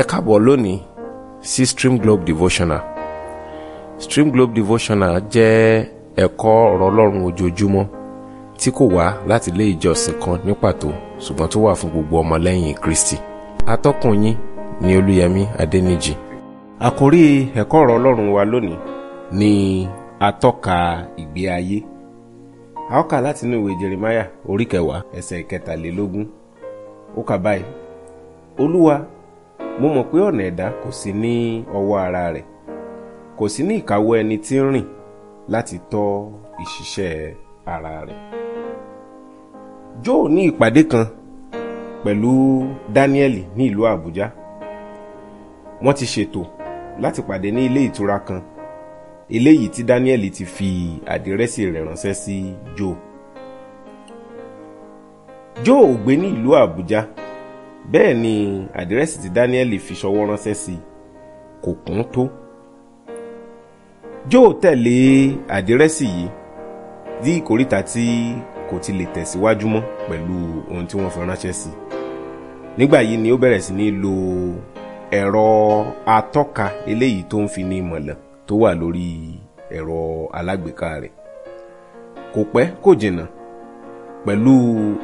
ẹ káàbọ̀ lónìí sí stream globe devotional stream globe devotional jẹ́ ẹ̀kọ́ ọ̀rọ̀ ọlọ́run ojoojúmọ́ tí kò wá láti ilé ìjọsìn kan ní pàtó ṣùgbọ́n tó wà fún gbogbo ọmọlẹ́yìn kristi atọ́kùn yín ni olúyẹmí adẹ́nìjì àkórí ẹ̀kọ́ ọ̀rọ̀ ọlọ́run wa lónìí ni atọ́ka ìgbé ayé a ó kà láti inú ìwé jeremiah orí kẹwàá ẹsẹ̀ ìkẹtàlélógún ó kà báyìí olúwa mo mọ̀ pé ọ̀nà ẹ̀dá kò sí ní ọwọ́ ara rẹ̀ kò sí ní ìkáwọ́ ẹni tí ń rìn láti tọ́ ìṣiṣẹ́ ara rẹ̀. Joe ní ìpàdé kan pẹ̀lú Daniel ní ìlú Àbújá wọ́n ti ṣètò láti pàdé ní ilé ìtura kan eléyìí tí Daniel ti fi àdírẹ́sì rẹ̀ ránṣẹ́ sí Joe. Joe ò gbé ní ìlú Àbújá bẹ́ẹ̀ ni àdírẹ́sì tí Dáníẹ́lì fi ṣọwọ́ ránṣẹ́ sí kò kún tó jóò tẹ̀lé àdírẹ́sì yìí dí ìkóríta tí kò ti lè tẹ̀síwájú mọ́ pẹ̀lú ohun tí wọ́n fi ránṣẹ́ sí nígbà yìí ni ó bẹ̀rẹ̀ sí ní lo ẹ̀rọ atọ́ka eléyìí tó ń fi ní ìmọ̀lẹ̀ tó wà lórí ẹ̀rọ alágbèéká rẹ̀ kò pẹ́ kò jìnnà pẹ̀lú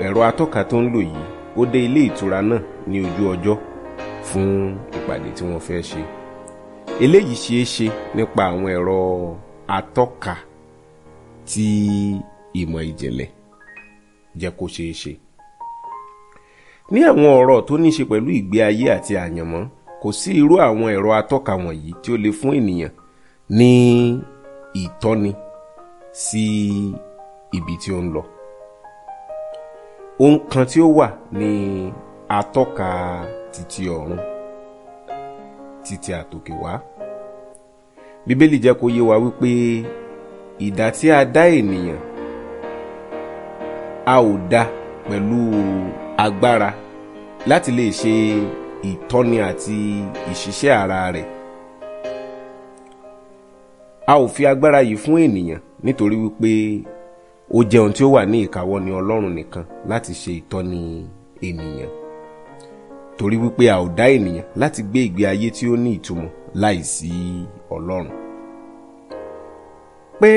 ẹ̀rọ atọ́ka tó ń lò yìí ó dé ilé ìtura náà ní ojú ọjọ́ fún ìpàdé tí wọ́n fẹ́ ṣe eléyìí ṣeé ṣe nípa àwọn ẹ̀rọ atọ́ka tí ìmọ̀ ìjìnlẹ̀ jẹ́ kó ṣeé ṣe ní àwọn ọ̀rọ̀ tó ní ṣe pẹ̀lú ìgbé ayé àti àyànmọ́ kò sí irú àwọn ẹ̀rọ atọ́ka wọ̀nyí tí ó lè fún ènìyàn ní ìtọ́ni sí ibi tí ó ń lọ ohun kan tí ó wà ní atọ́ka titi ọ̀run titi àtòkè wá bíbélì jẹ́ kó yé wa wípé ìdá tí a dá ènìyàn a ò dá pẹ̀lú agbára láti lè ṣe ìtọ́ni àti ìṣiṣẹ́ ara rẹ̀ a ò fi agbára yìí fún ènìyàn nítorí wípé ó jẹ́ tí ó wà ní ìkáwọ́ ni Ọlọ́run nìkan láti ṣe ìtọ́ni ènìyàn torí wípé a ò dá ènìyàn láti gbé ìgbé ayé tí ó ní ìtumọ̀ láìsí ọlọ́run. pé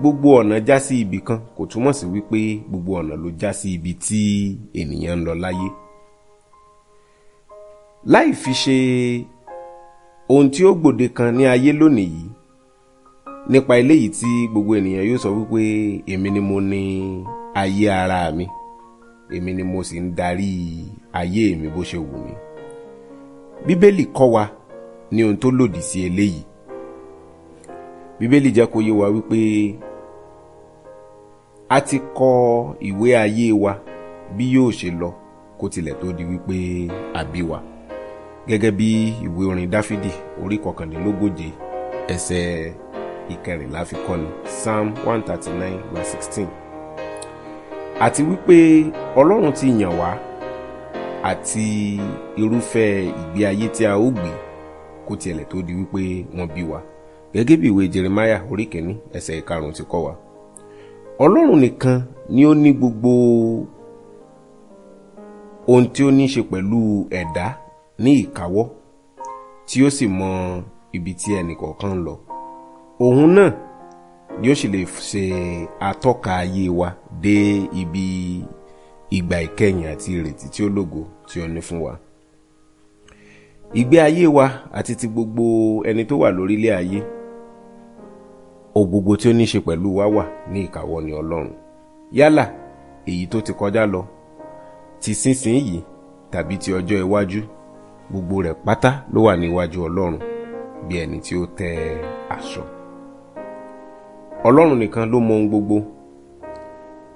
gbogbo ọ̀nà já sí ibì kan kò túmọ̀ sí wípé gbogbo ọ̀nà ló já sí ibi tí ènìyàn ń lọ láyé. láì fi ṣe ohun tí ó gbòde kan ní ayé lónìí yìí nípa eléyìí tí gbogbo ènìyàn yóò sọ wípé èmi ni mo ní ayé ara mi èmi ni mo sì ń darí ayé mi bó ṣe wù mí bíbélì kọ́ wa ní ohun tó lòdì sí eléyìí bíbélì jẹ́ kó yé wa wípé a ti kọ ìwé ayé wa bí yóò ṣe lọ kó tilẹ̀ tó di wípé a bí wa gẹ́gẹ́ bí ìwé orin dáfídì orí kọkànlélógóje ẹsẹ̀ ìkẹrìnlá fi kọ́ni psalm one thirty nine verse sixteen àti wípé ọlọ́run ti yàn wá àti irúfẹ́ ìgbé ayé tí a ó gbé kó tiẹ̀lẹ̀ tó di wípé wọ́n bí wa gẹ́gẹ́ bí ìwé Jeremiah orí kìíní ẹsẹ̀ ìkarùn-ún ti kọ́ wa ọlọ́run nìkan ni ó ní gbogbo ohun tí ó ní í ṣe pẹ̀lú ẹ̀dá ní ìkáwọ́ tí ó sì mọ ibi tí ẹnìkọ̀ọ̀kan lọ òun náà ni ó sì lè ṣe atọ́ka ayé wa dé ibi ìgbà ìkẹyìn àti ìrètí tí ó lógo tí ó ní fún wa. ìgbé ayé wa àti ti gbogbo ẹni tó wà lórílẹ̀ ayé ohun gbogbo tí ó ní ṣe pẹ̀lú wa wà ní ìkàwọ́ ni ọlọ́run yálà èyí tó ti kọjá lọ ti sínsìn yìí tàbí ti ọjọ́ iwájú gbogbo rẹ̀ pátá ló wà níwájú ọlọ́run bí ẹni tí ó tẹ aṣọ ọlọ́run nìkan ló mọ ohun gbogbo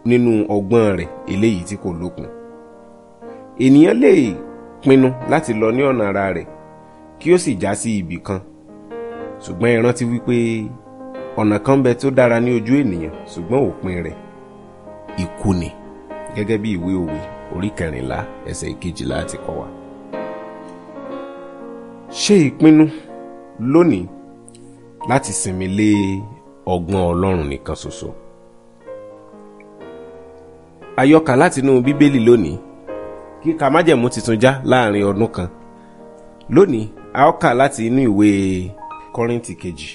nínú ọgbọ́n rẹ̀ eléyìí tí kò lókun ènìyàn lè pinnu láti lọ ní ọ̀nà ara rẹ̀ kí ó sì já sí ibì kan ṣùgbọ́n ẹ rántí wípé ọ̀nà kan bẹ tó dára ní ojú ènìyàn ṣùgbọ́n òpin rẹ̀ ikú ni gẹ́gẹ́ bí ìwé òwe orí kẹrìnlá ẹsẹ̀ ìkejìlá ti kọ́ wa. ṣe ìpinnu lónìí láti sinmi lé ọgbọ́n ọlọ́run nìkan ṣoṣo àyọkà látinú bíbélì lónìí kíka májẹ̀mú tuntun já láàrin ọdún kan lónìí a ó kà láti inú ìwé kọ́rìntì kejì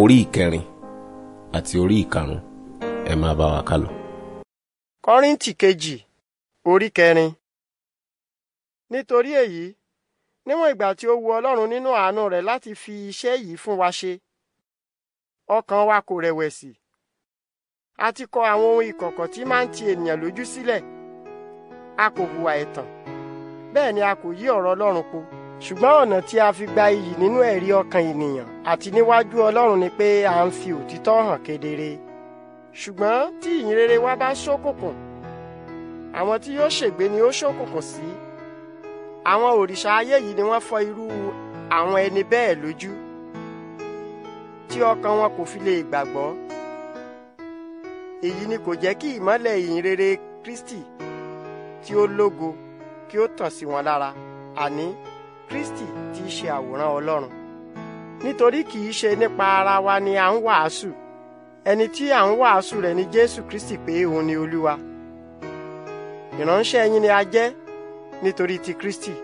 orí ìkẹrin àti orí ìkarùn ẹ máa bá wa kálọ. kọ́rìntì kejì orí kẹrin nítorí èyí níwọ̀n ìgbà tí ó wu ọlọ́run nínú àánú rẹ̀ láti fi iṣẹ́ yìí fún wa ṣe ọkàn wa kò rẹ̀wẹ̀sì. Si a ti kọ àwọn ohun ìkọ̀kọ̀ tí máa ń ti ènìyàn lójú sílẹ̀ a kò hùwà ẹ̀tàn bẹ́ẹ̀ ni a kò yí ọ̀rọ̀ Ọlọ́run po ṣùgbọ́n ọ̀nà tí a fi gba iyì nínú ẹ̀rí ọkàn ènìyàn àti níwájú Ọlọ́run ni pé a ń fi òtítọ́ hàn kedere ṣùgbọ́n tí ìyìnrere wa bá ṣókùnkùn àwọn tí yóò ṣègbé ni ó ṣókùnkùn sí àwọn òrìṣà ayé yìí ni wọ́n fọ́ irú àwọn ẹni bẹ́ẹ̀ lójú tí ọkàn wọn kò fi lè gbàgbọ́ èyí ni kò jẹ́ kí ìmọ́lẹ̀ ìyìn rere Kristi tí ó lógo kí ó tàn sí wọn lára àní Kristi tí í ṣe àwòrán Ọlọ́run nítorí kì í ṣe nípa ara wa ni à ń wàásù ẹni tí à ń wàásù rẹ̀ ni Jésù Kristi pé òun ni Olúwa ìránṣẹ́ yín ni a jẹ́ nítorí ti Kristi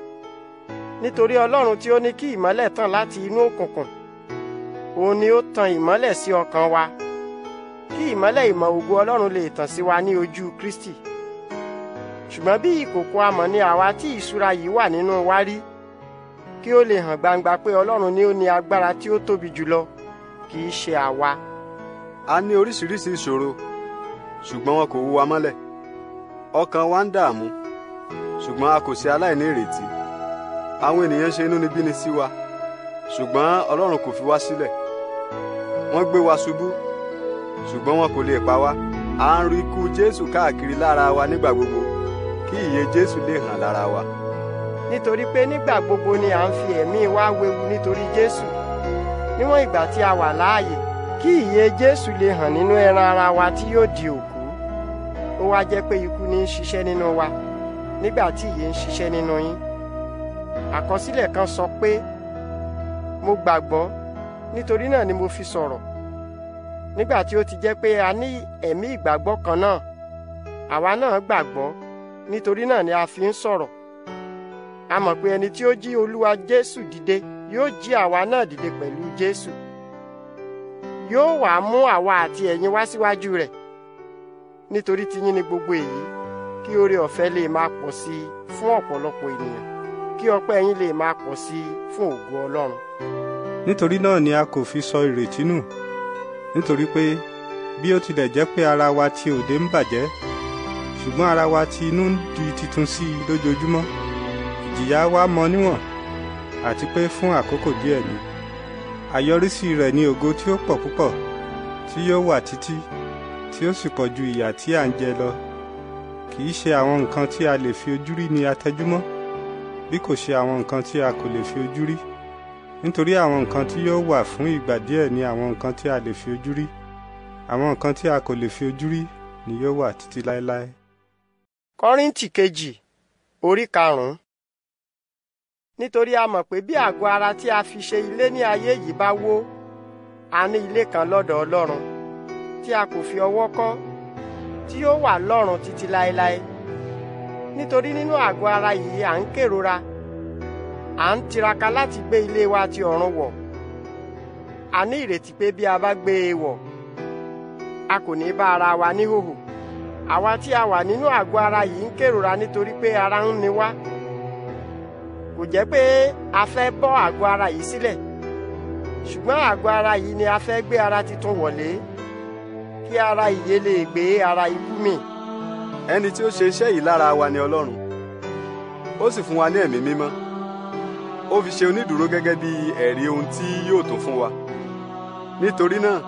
nítorí Ọlọ́run tí ó ní kí ìmọ́lẹ̀ tàn láti inú òkùnkùn òun ni ó tan ìmọ́lẹ̀ sí ọkàn wa kí ìmọ́lẹ̀ ìmọ̀ ògo Ọlọ́run lè tàn sí wa ní ojú Kristi ṣùgbọ́n bí ìkòkò amọ̀ ni àwa tí ìṣúra yìí wà nínú wa rí kí ó lè hàn gbangba pé Ọlọ́run ni ó ní agbára tí ó tóbi jùlọ kì í ṣe àwa. a ní oríṣiríṣi ìṣòro ṣùgbọ́n wọn kò wú wa mọ́lẹ̀ ọkàn wa ń dààmú ṣùgbọ́n a kò ṣe aláìní ìrètí àwọn ènìyàn ṣe inúnibíni sí wa ṣùgbọ́n Ọlọ́run kò fi wá sílẹ̀ wọ́n gbé wa ṣubú ṣùgbọ́n wọn kò lè pa wá à ń rí ikú jésù káàkiri lára wa nígbà gbogbo kí ìyè jésù lè hàn lára wa. nítorí pé nígbà gbogbo ni à ń fi ẹ̀mí wa wewu nítorí jésù níwọ̀n ìgbà tí a wà láàyè kí ìyè jésù lè hàn nínú ẹran ara wa tí yóò di òkú ó wá jẹ́ pé ikú ní í ṣiṣẹ́ nínú wa nígbà tí ìyè ń ṣiṣẹ́ nínú yín àkọsílẹ̀ kan sọ pé mo gbàgbọ́ nítorí náà ni mo fi sọ̀rọ̀ nígbà tí ó ti jẹ́ pé a ní ẹ̀mí ìgbàgbọ́ kan náà àwa náà gbàgbọ́ nítorí náà ni a fi ń sọ̀rọ̀ a mọ̀ pé ẹni tí ó jí olúwa Jésù dìde yóò jí àwa náà dìde pẹ̀lú Jésù yóò wá mú àwa àti ẹ̀yin wá síwájú rẹ̀ nítorí tiyín ni gbogbo èyí kí oore ọ̀fẹ́ lè máa pọ̀ sí i fún ọ̀pọ̀lọpọ̀ ènìyàn kí ọpẹ́ yín lè máa pọ̀ sí i fún ògo Ọlọ́run. nítorí náà ni a kò fi sọ ìrètí nù nítorí pé bí ó tilẹ̀ jẹ́ pé ara wa ti òde ń bàjẹ́ ṣùgbọ́n ara wa ti inú ń di titun sí i lójoojúmọ́ ìjìyà wa mọ níwọ̀n àti pé fún àkókò díẹ̀ ni àyọrísí rẹ̀ ni ògo tí ó pọ̀ púpọ̀ tí yóò wà títí tí ó sì pọ̀ ju ìyà tí à ń jẹ lọ kì í ṣe àwọn nǹkan tí a lè fi ojú rí ni a bí kò ṣe àwọn nǹkan tí a kò lè fi ojú rí nítorí àwọn nǹkan tí yóò wà fún ìgbà díẹ̀ ni àwọn nǹkan tí a lè fi ojú rí àwọn nǹkan tí a kò lè fi ojú rí ni yóò wà títí láéláé. kọ́ríntì kejì orí karùn-ún nítorí a mọ̀ pé bí àgọ́ ara tí a fi ṣe ilé ní ayé yìí bá wó a ní ilé kan lọ́dọ̀ ọlọ́run tí a kò fi ọwọ́ kọ́ tí yóò wà lọ́run títí láéláé nítorí nínú àgọ́ ara yìí à ń kérora à ń tiraka láti gbé ilé wa ti ọ̀run wọ̀ a ní ìrètí pé bí a bá gbé e wọ̀ a kò ní bá ara wa níhòhò àwa tí a wà nínú àgọ́ ara yìí ń kérora nítorí pé ara ń ni wá kò jẹ́ pé a fẹ́ bọ́ àgọ́ ara yìí sílẹ̀ ṣùgbọ́n àgọ́ ara yìí ni a fẹ́ gbé ara titun wọ̀lé kí ara ìyè lè gbé ara ikú mì. ẹni tí ó ṣe iṣẹ́ yìí lára wa ni Ọlọ́run ó sì fún wa ní ẹ̀mí mímọ́ ó fi ṣe onídùúró gẹ́gẹ́ bí ẹ̀rí ohun tí yóò tún fún wa nítorí náà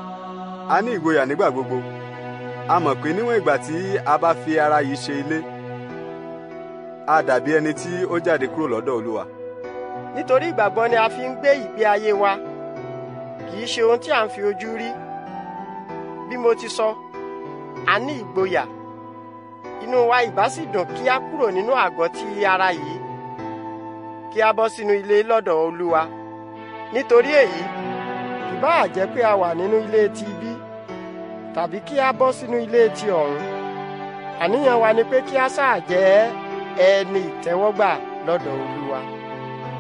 a ní ìgboyà nígbà gbogbo a mọ̀ pé níwọ̀n ìgbà tí a bá fi ara yìí ṣe ilé a dàbí ẹni tí ó jáde kúrò lọ́dọ̀ Olúwa. nítorí ìgbàgbọ́ ni a fi ń gbé ìgbé ayé wa kì í ṣe ohun tí à ń fi ojú rí bí mo ti sọ a ní ìgboyà inú wa ìbá sì dùn kí a kúrò nínú àgọ́ ti ara yìí kí a bọ́ sínú ilé lọ́dọ̀ olúwa nítorí èyí ìbáà jẹ́ pé a wà nínú ilé ti ibí tàbí kí a bọ́ sínú ilé ti ọ̀run àníyàn wa ni pé kí a sáà jẹ́ ẹni ìtẹ́wọ́gbà lọ́dọ̀ olúwa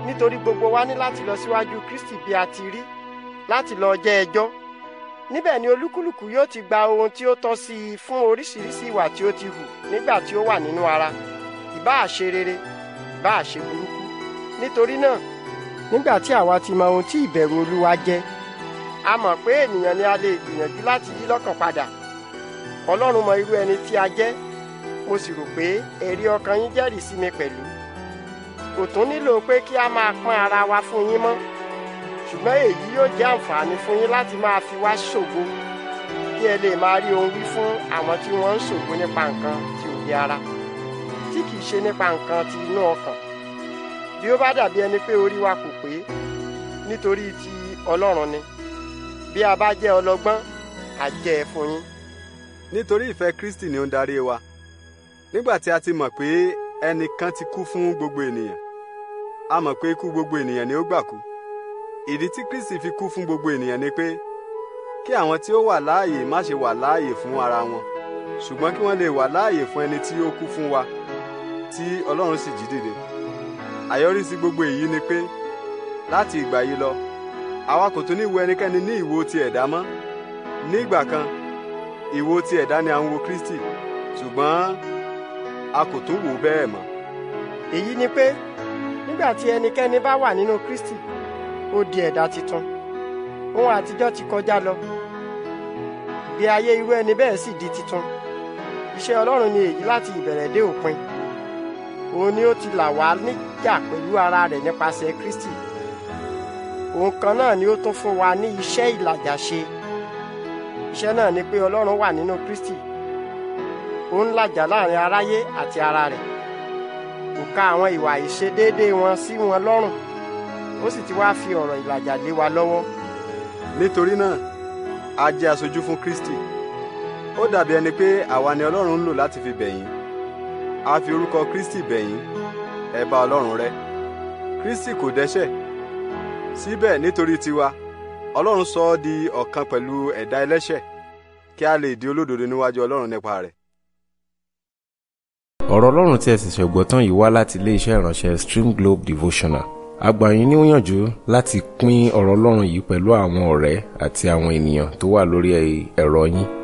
nítorí gbogbo wa ní láti lọ síwájú kristi bí a ti rí láti lọ jẹ́ ẹjọ́ níbẹ̀ ni olúkúlùkù yóò ti gba ohun tí ó tọ́ sí i fún oríṣiríṣi ìwà tí ó ti hù nígbà tí ó wà nínú ara ìbáà ṣe rere ìbáà nítorí náà nígbà tí àwa ti mọ ohun tí ìbẹ̀rù olúwa jẹ́ a mọ̀ pé ènìyàn ni a lè gbìyànjú láti yí lọ́kàn padà ọlọ́run mọ irú ẹni tí a jẹ́ mo sì rò pé ẹ̀rí ọkàn yín jẹ́rìí sí mi pẹ̀lú kò tún nílò pé kí a máa pọ́n ara wa fún yín mọ́ ṣùgbọ́n èyí yóò jẹ́ àǹfààní fún yín láti máa fi wá ṣògo kí ẹ lè máa rí ohun wí fún àwọn tí wọ́n ń ṣògo nípa nǹkan tí ò yẹ tí kìí ṣe nípa nǹkan ti inú ọkàn bí ó bá dàbí ẹni pé orí wa kò pé nítorí ti Ọlọ́run ni bí a bá jẹ́ ọlọ́gbọ́n a jẹ́ fún yín. nítorí ìfẹ́ Kristi ni ó ń darí wa nígbà tí a ti mọ̀ pé ẹnìkan ti kú fún gbogbo ènìyàn a mọ̀ pé ikú gbogbo ènìyàn ni ó gbà kú ìdí tí Kristi fi kú fún gbogbo ènìyàn ni pé kí àwọn tí ó wà láàyè má ṣe wà láàyè fún ara wọn ṣùgbọ́n kí wọ́n lè wà láàyè fún ẹni tí ó kú fún wa tí Ọlọ́run sì jí dìde àyọrísí gbogbo èyí ni pé láti ìgbà yìí lọ àwa kò tún ní wo ẹnikẹ́ni ní ìwo ti ẹ̀dá mọ́ ní ìgbà kan ìwo ti ẹ̀dá ni à ń wo Kristi ṣùgbọ́n a kò tún wò bẹ́ẹ̀ mọ́. èyí ni pé nígbà tí ẹnikẹ́ni bá wà nínú Kristi ó di ẹ̀dá tuntun ohun àtijọ́ ti kọjá lọ ìgbé ayé irú ẹni bẹ́ẹ̀ sì di tuntun iṣẹ́ Ọlọ́run ni èyí láti ìbẹ̀rẹ̀ dé òpin òun ni ó ti là wá níjà pẹ̀lú ara rẹ̀ nípasẹ̀ Kristi òun kan náà ni ó tún fún wa ní iṣẹ́ ìlàjà ṣe iṣẹ́ náà ni pé Ọlọ́run wà nínú Kristi ó ń làjà láàrin aráyé àti ara rẹ̀ kò ka àwọn ìwà ìṣedéédé wọn sí wọn lọ́rùn ó sì ti wá fi ọ̀rọ̀ ìlàjà lé wa lọ́wọ́. nítorí náà a jẹ́ aṣojú fún Kristi ó dàbí ẹni pé àwa ni Ọlọ́run ń lò láti fi bẹ̀yín a fi orúkọ Kristi bẹ̀yín ẹ Ọlọ́run rẹ́ Kristi kò dẹ́ṣẹ̀ síbẹ̀ nítorí tiwa Ọlọ́run sọ ọ́ di ọ̀kan pẹ̀lú ẹ̀dá ẹlẹ́ṣẹ̀ kí a lè di olódodo níwájú Ọlọ́run nípa rẹ̀. ọ̀rọ̀ Ọlọ́run tí ẹ sì ṣẹ̀gbọ́ tán yìí wá láti iléeṣẹ́ ìránṣẹ́ Stream Globe Devotional a gbà yín níyànjú láti pín ọ̀rọ̀ Ọlọ́run yìí pẹ̀lú àwọn ọ̀rẹ́ àti àwọn ènìyàn tó wà lórí ẹ̀rọ yín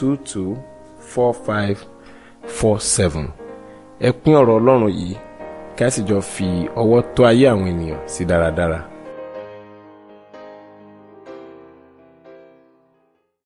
22 45 47. ẹ pín ọ̀rọ̀ ọlọ́run yìí kí a sì jọ fi ọwọ́ tó ayé àwọn ènìyàn sí dáradára.